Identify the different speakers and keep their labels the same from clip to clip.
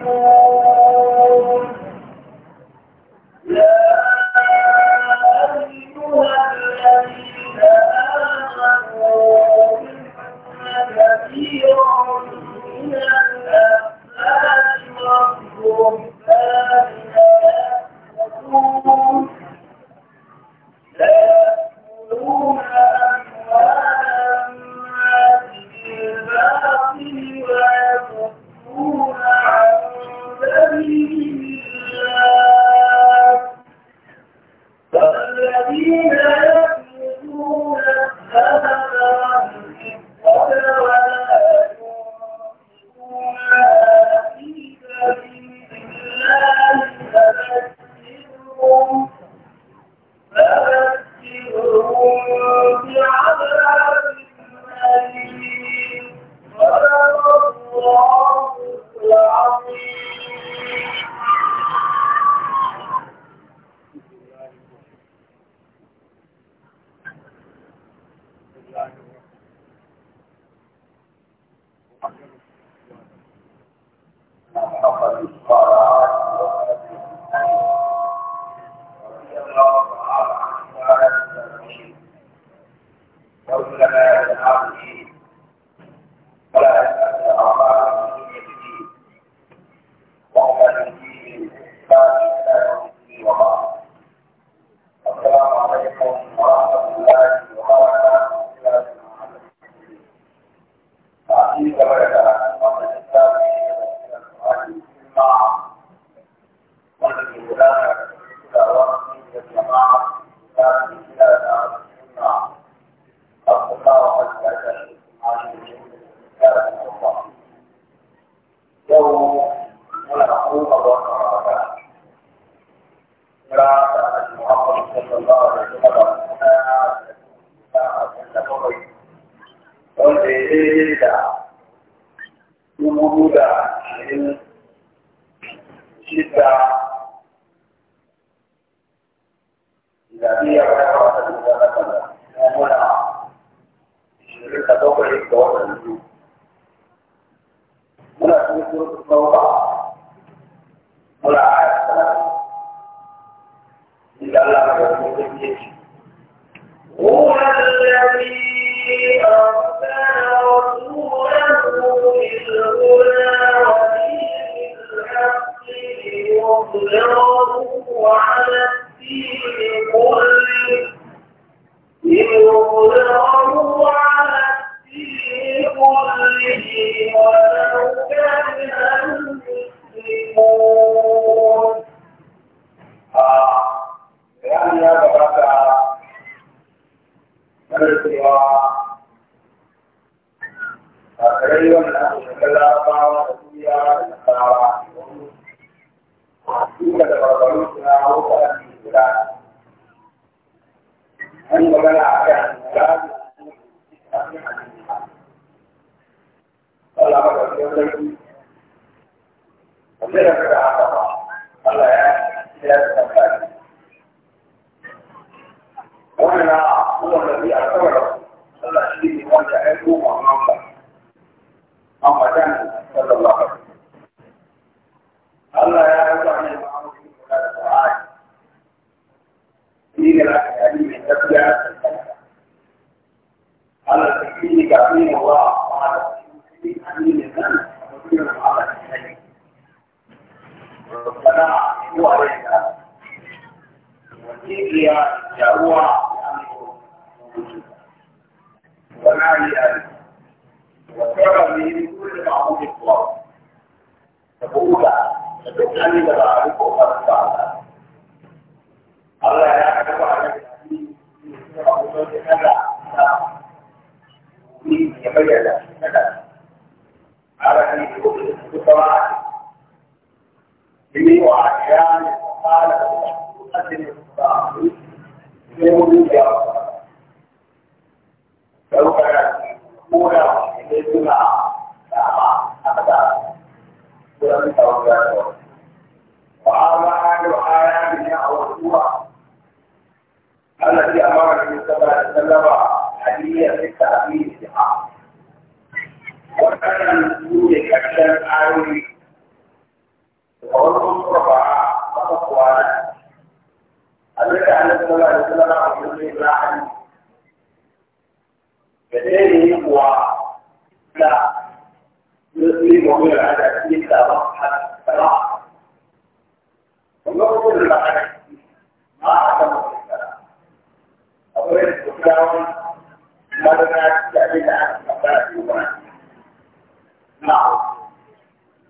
Speaker 1: Thank you. 国王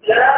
Speaker 1: لا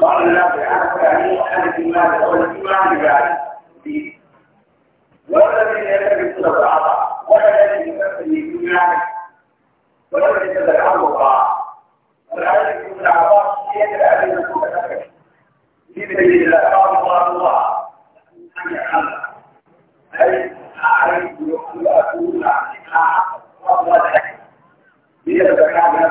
Speaker 1: بعض الناس يعرف يعني أنا في ماذا ولا في ماذا يعني ولا الذين يكذبون بالعطاء ولا الذين يكذبون بالنعم ولا الذين يتبعون الطاعة ولا يكذبون بالعطاء يدرى أن يكون كذلك في دليل الله قال الله الله أن يعلم أي أعرف أن أكون عقل وأضل ليتبعون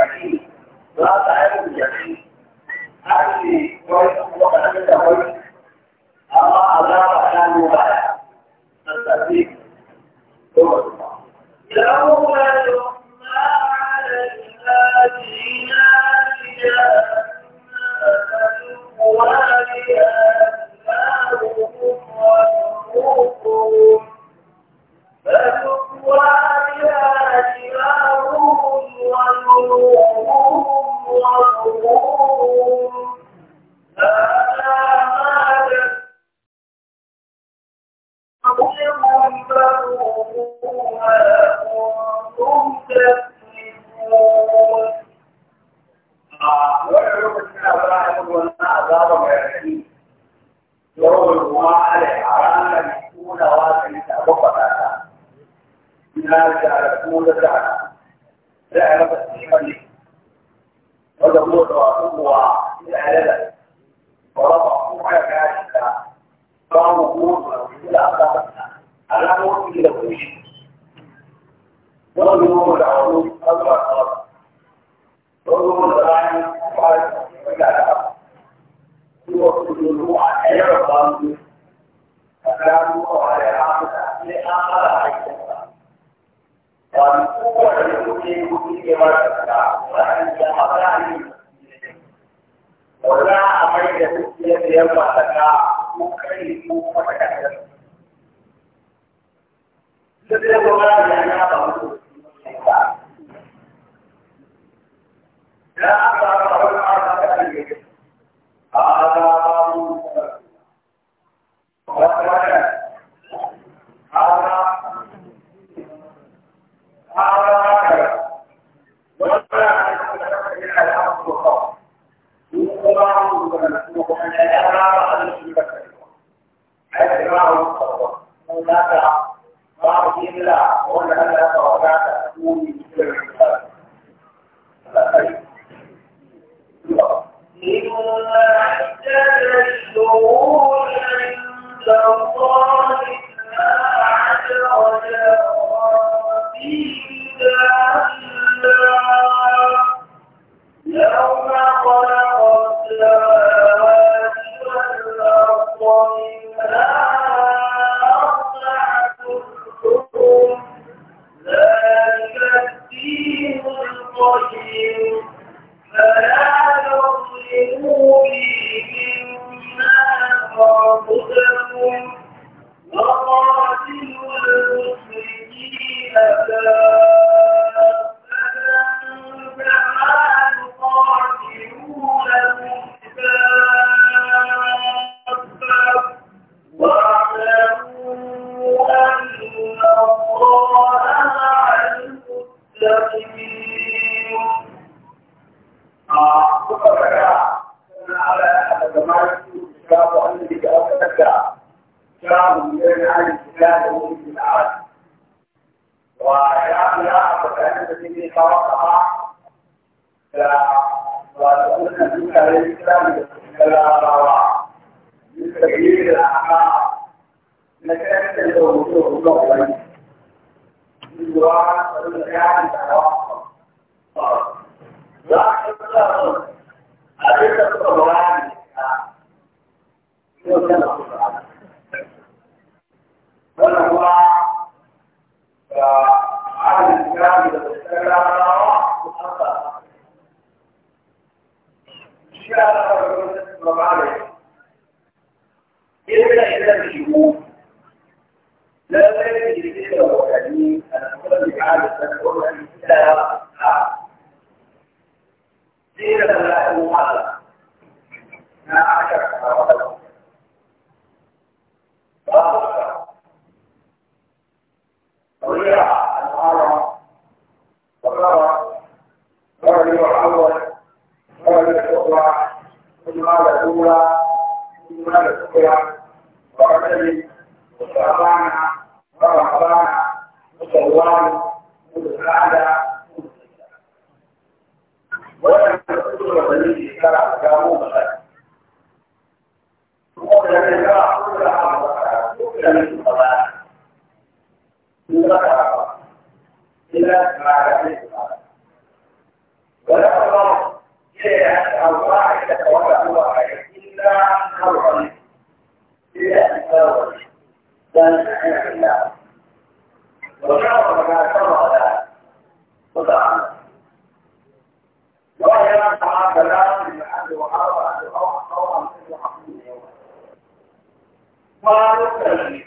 Speaker 1: Allah. هذا التنور أن يتلها سيرة الله المعلمة ما أعشر فرقه وأخشى طريقة المعلمة وقرر رجل الأول رجل الأخرى ثم هذا الأولى ثم هذا الأخرى ورجل وشعبانا ورحبانا وشوال بعد ولم تكن الوليد شرع جامو بشر وقبل ان شرع كل عام وقبل
Speaker 2: من الصلاه ذكر الى ما عليه ولا الله شيئا او واحده ولا هو الا
Speaker 1: عن الوليد الا ان الوليد لا نعلم الا وشرع ما شرع وتعالى وهي تعالى لا من أهل وحرى أهل وحرى أهل وحرى ما نسأل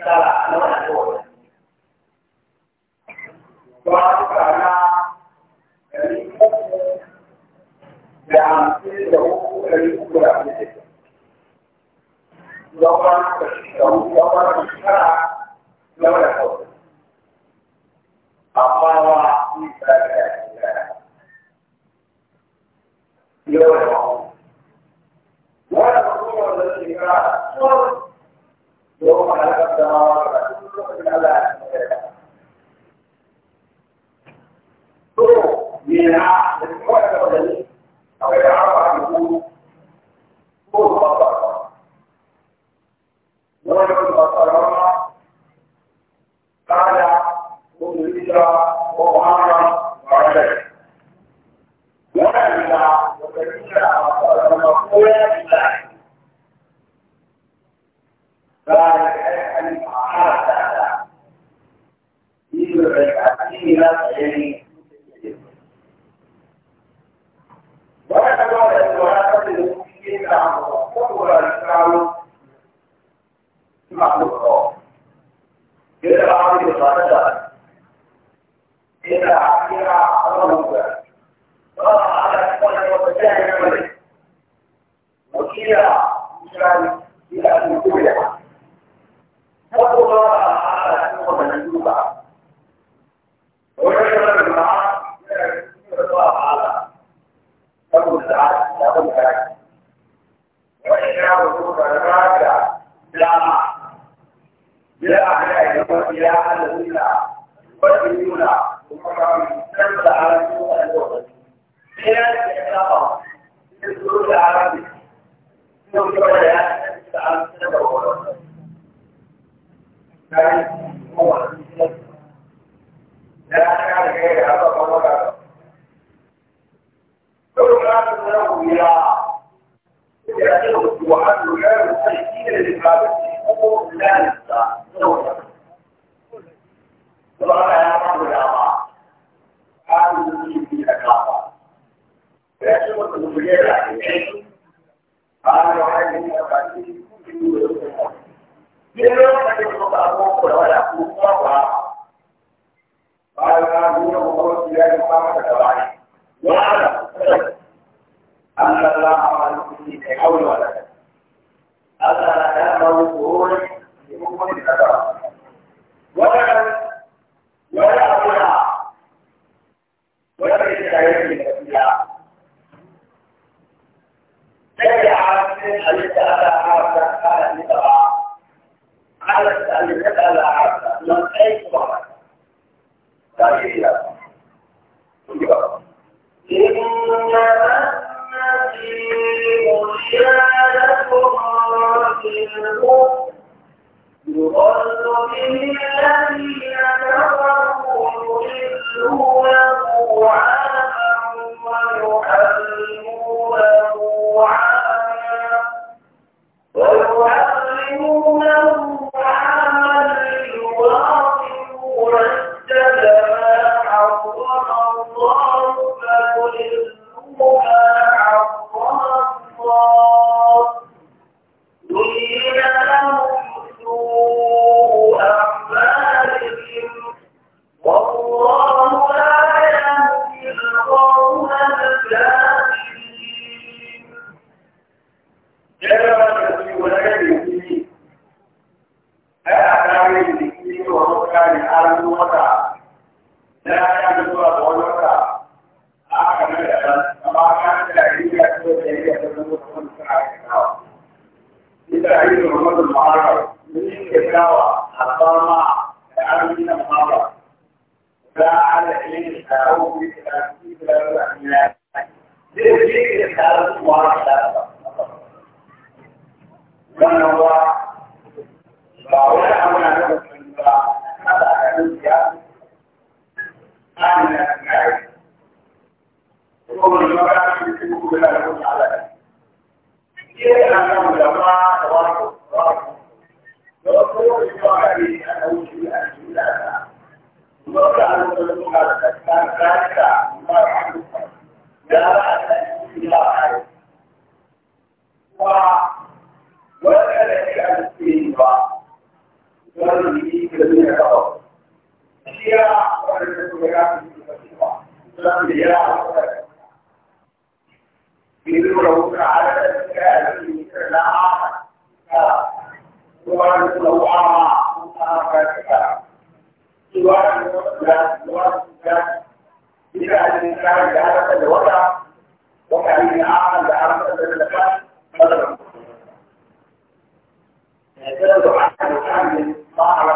Speaker 1: الله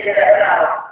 Speaker 1: 谢谢大家。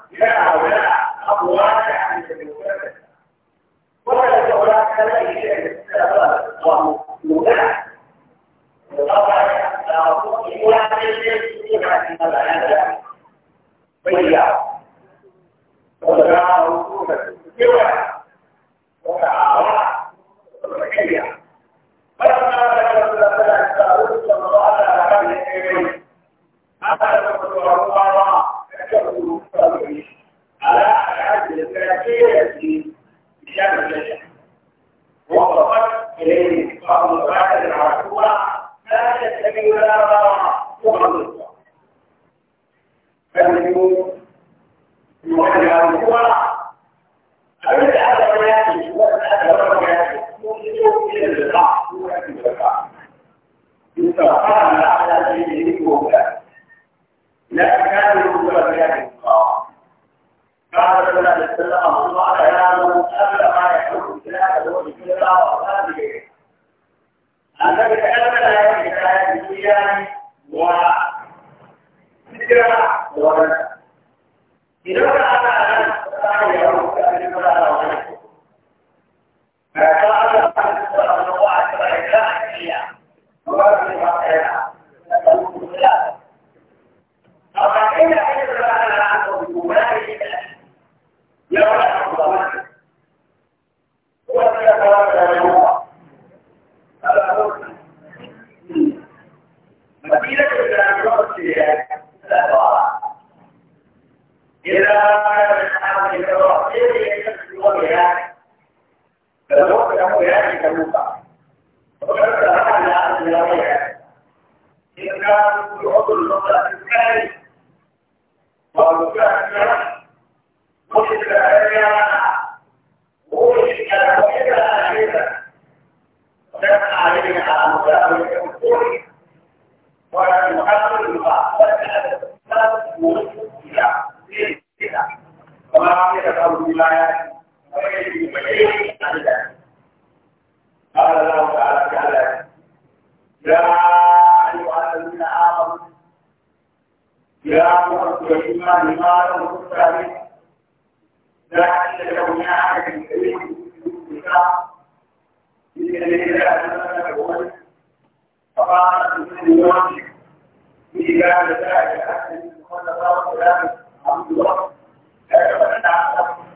Speaker 1: بيان فلو كان بيان كموقع وكان على أرض الأولياء إن كان يعود النظرة الثاني والمكافر مشكلة عليها ومشكلة عليها وكان عليها على مكافر الكوري ولكن مكافر المعصر وما عملت الولايات قال الله تعالى تعالى يا أيها الذين آمنوا يا أيها الإيمان ما لم تستعمل ذلك لو نعمل الكريم إن الذين آمنوا فقال الإسلام في ذلك ذلك أحسن من خلق الله عبد الله لا يتمنى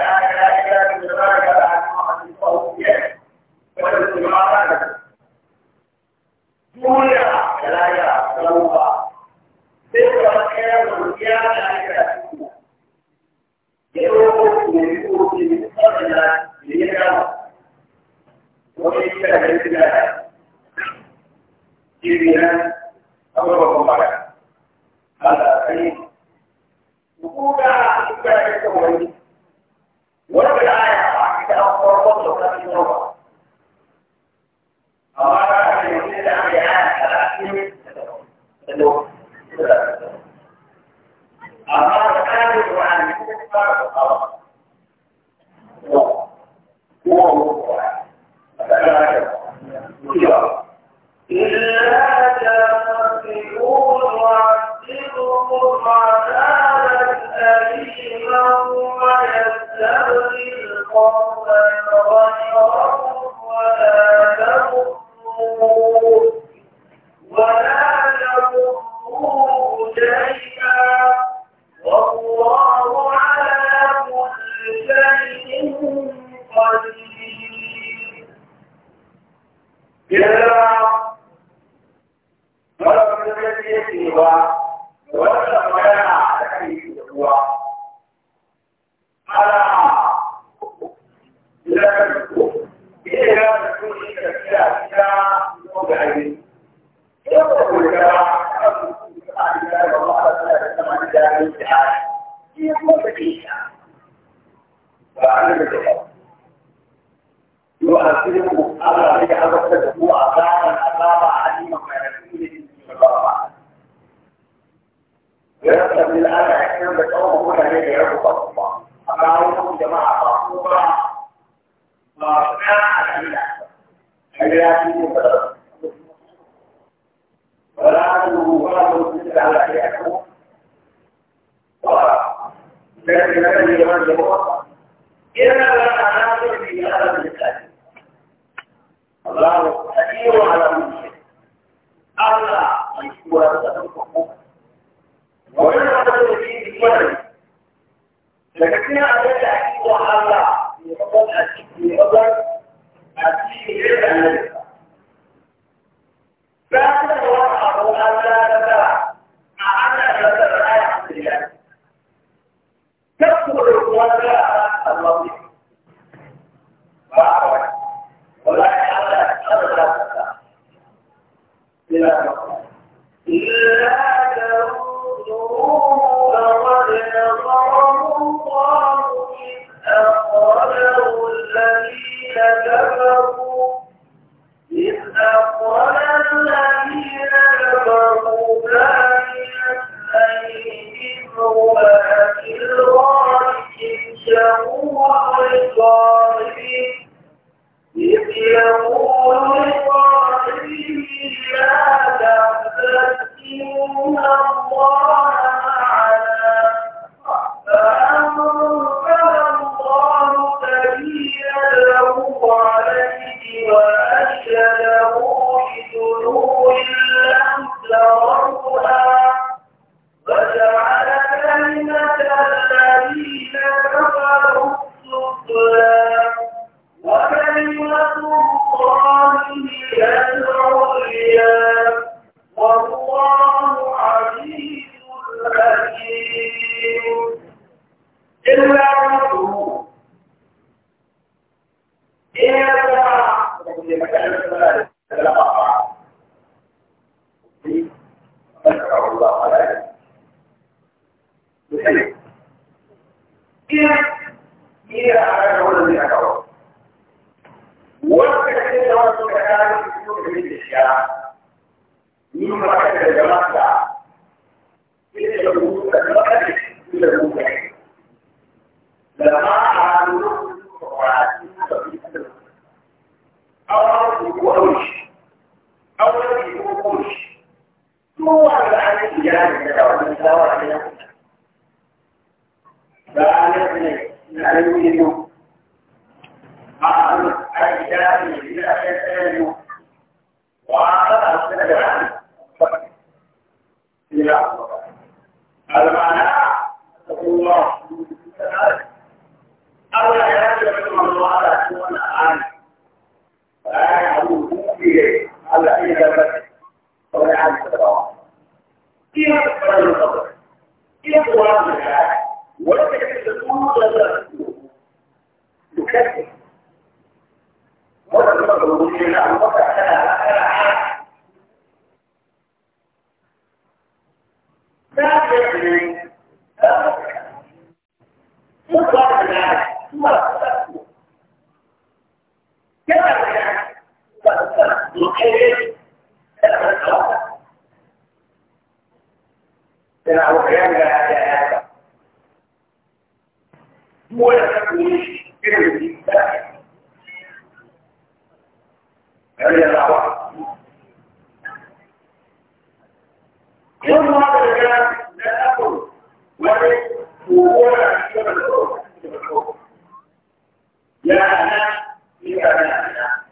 Speaker 1: أبرزهم أبرز أبرزه أبابا أبابا عليما ويكون
Speaker 2: يرتب للآن أحيانا بتقوم
Speaker 1: هنا هي يرتب الله أبراهم جماعة مطلوبة مرفعة على الأحسن حياتي ولا أدري ولا أدري على حياتهم ولا أدري على حياتهم kiro ala mushe ala ikuwa da kuma wannan da take yi kwari da kake ya ga da ikuwa ala ne kuma a cikin wannan a cikin yayin da
Speaker 2: يقول
Speaker 1: يوم هذا الكلام لا أقول wani kokora da kawai ya ana ni ka na ana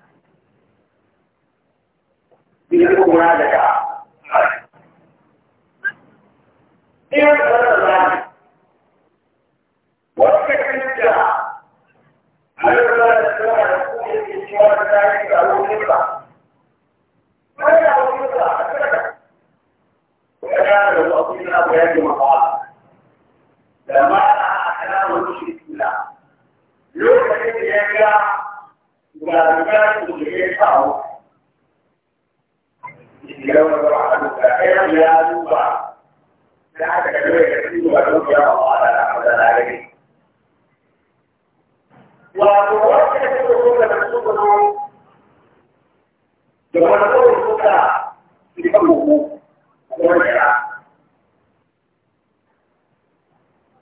Speaker 1: ni ka kuma da ka ni da ka wani ka kanta a yau da da kuma ta yi ga wani kuma ya لما رأى كلام المشرك بالله لو كان يجا مباركات وجهه يوم الرحمن الرحيم يا نوبا لا تكذب كثير ولو يا الله لا حول ولا قوة وتوكل الرسول منصوبه جمهور الفقهاء في حكمه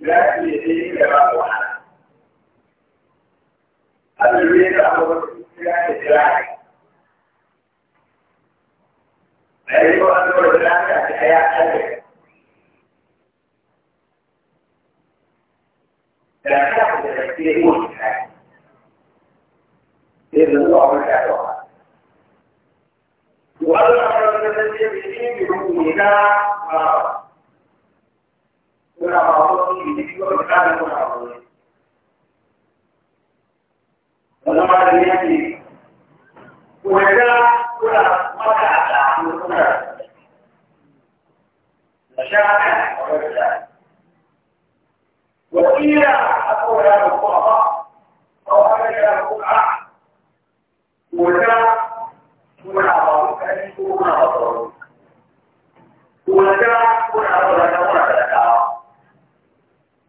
Speaker 1: لا يديك واحد الذي أمر بالإسلام أيوة أمر بالإسلام في حياة أبيك لا تأخذ في وجهك إذن الله مكانه والأمر الذي يجري بحكمنا ونرى وقال هو عظيم ولما لم يأتي وجاء ولا وقع عن هنا مشاعر ورجال وقيل أقول هذا الضعف أو هذا القرآن وجاء ولا ضعف أنت ولا ضعف وجاء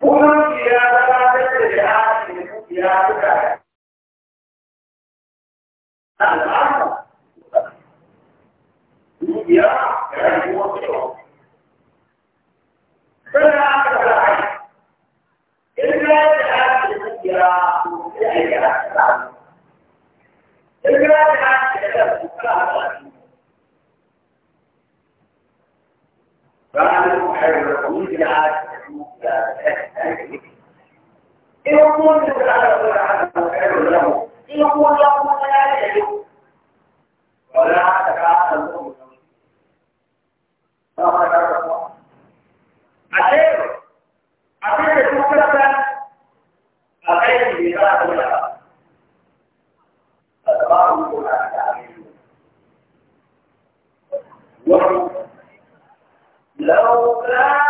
Speaker 1: kungiya ta da jihadi ne kungiya ta da al'ada kungiya da rayuwar kyau sai aka da ai in ga jihadi da kungiya sai a yi al'ada
Speaker 2: in ga jihadi da kungiya ba a yi al'ada
Speaker 1: يقول لك على كل عمل خير له يقول له ما لا يجوز ولا تكاد الأمور عشان عشان تشوف كده أخير في ذات الله أدبار ولا تعملون
Speaker 2: لو كان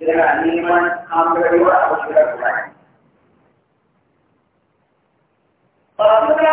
Speaker 1: dengan iman hampir dua atau tiga Kalau kita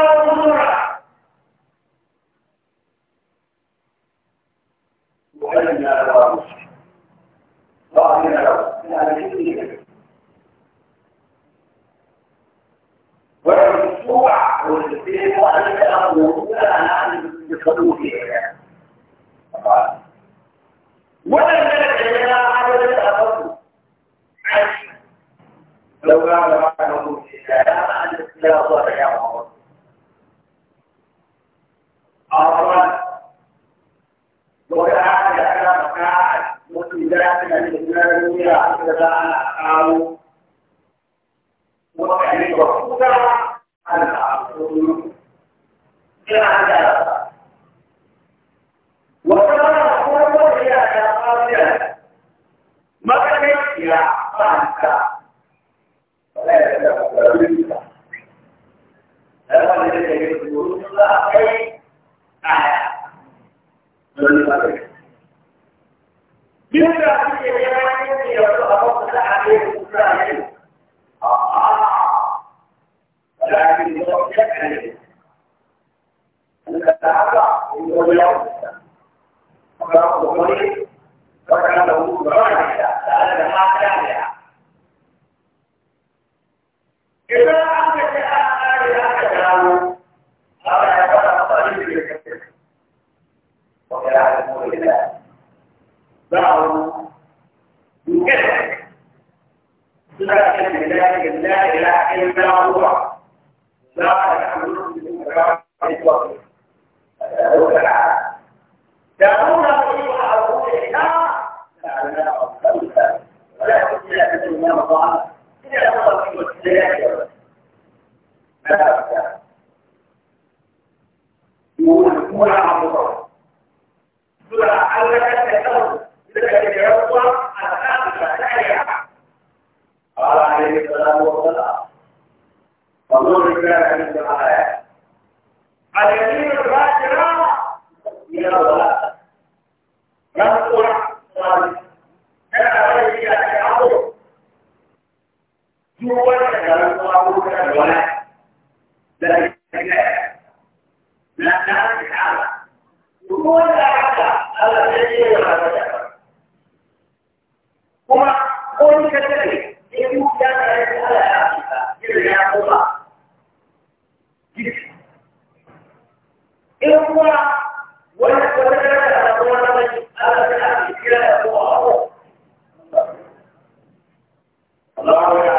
Speaker 2: له بكثرة
Speaker 1: لا إله إلا هو لا يحمل
Speaker 2: دعونا أيها الأولياء لعلنا أفضلها ولا تجد
Speaker 1: أن الإمام ضعف إلا هو في السلاح ماذا أفضل؟ يقول هو عبد الله لعلك تتوب قال عليه السلام والسلام فالنور كان من الآيات اليمين الراجعة إلى الصلاة يذكر صالح كان عليه يتعبد جوا كان الله كان ولا لا لا نعم تعالى جوا لا على الذي يرى kuma ko ni ka tare sai ku ya tare da Allah ya fita irin ya kuma in kuma wani wani da ya zama wani mai Allah ya fita ya kuma Allah ya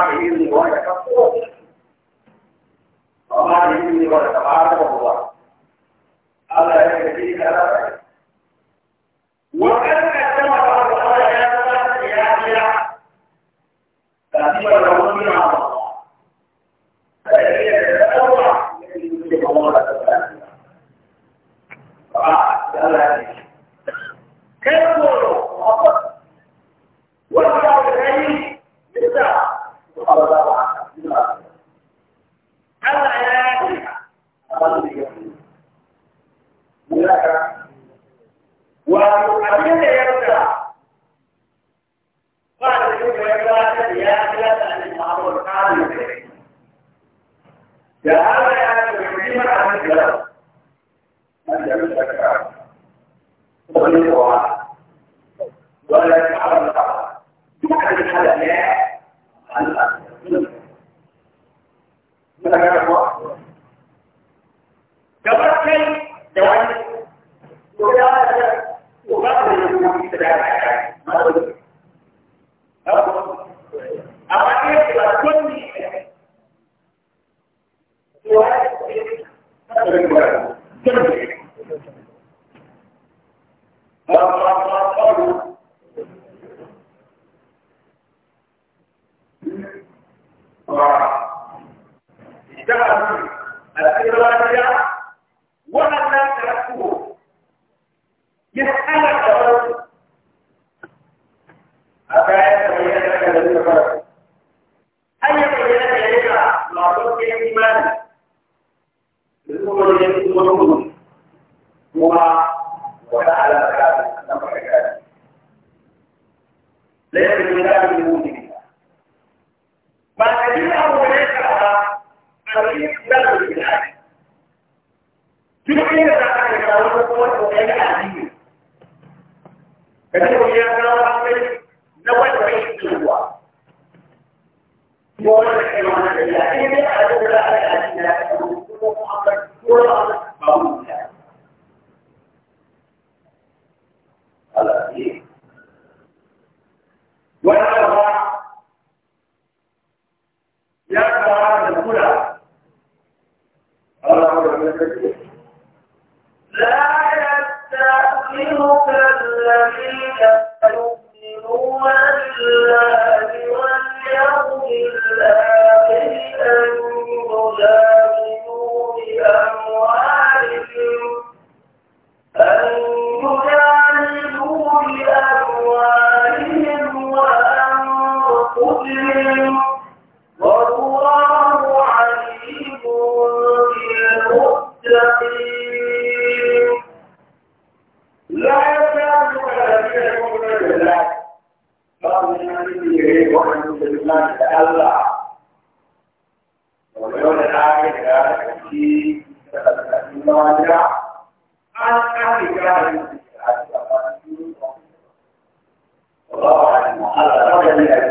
Speaker 1: وما يدري ولا تبارك وهو الله يهديك على وقع imani da Allah yau da yi da ya kaci da tsakanin mawajira an a wani Allah wa Allah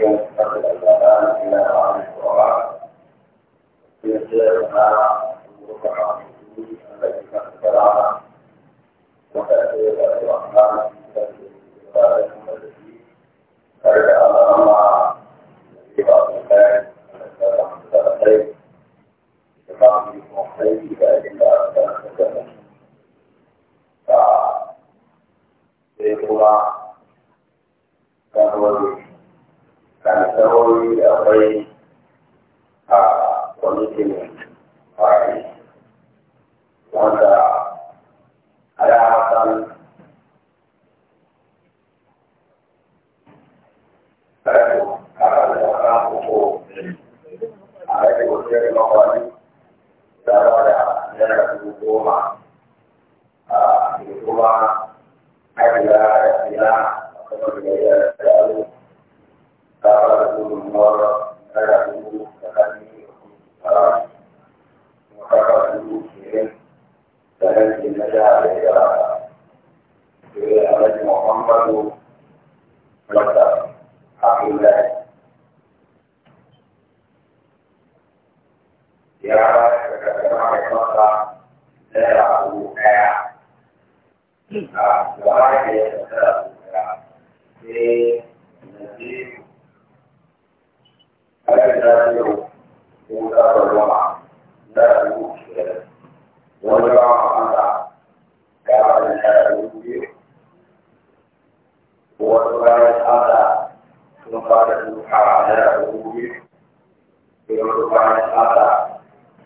Speaker 1: Gracias. naira dubu ɗaya a gaba da ya naira dubu ɗaya sai na je aka da yau ko da ruwa naira dubu ishirin wani ba ma ana gaba da naira dubu biyu wani bayan ana sun fara duka naira dubu biyu wani bayan ana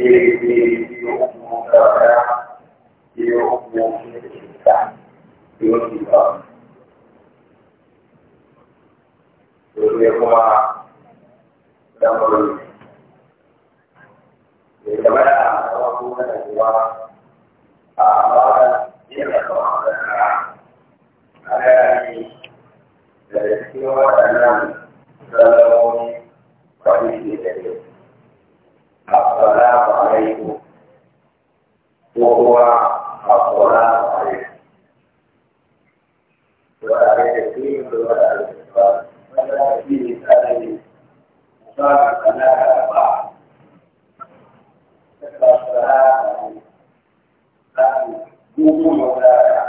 Speaker 1: dari semua dalam dalam kondisi وهو الصلاة عليه وعلى الدين وعلى الإسلام فلا فيه هذه مصابة لها بعض الصلاة عليه لكن